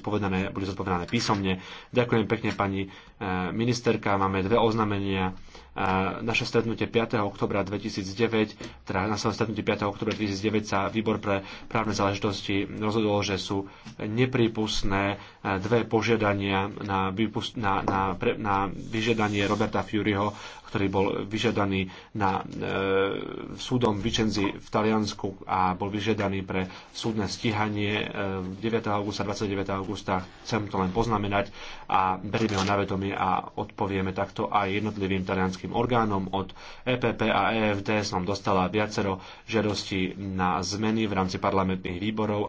zodpovedané, boli zodpovedané písomne. Ďakujem pekne pani eh, ministerka, máme dve oznamenia naše stretnutie 5. oktobra 2009, teda na svojom stretnutí 5. oktobra 2009 sa výbor pre právne záležitosti rozhodol, že sú neprípustné e, dve požiadania na, výpust, na, na, pre, na vyžiadanie Roberta Furyho, ktorý bol vyžiadaný na e, súdom Vicenzi v Taliansku a bol vyžiadaný pre súdne stíhanie 9. E, augusta, 29. augusta. Chcem to len poznamenať a berieme ho na vedomie a odpovieme takto aj jednotlivým talianským vojenským orgánom. Od EPP a EFD som dostala viacero žiadostí na zmeny v rámci parlamentných výborov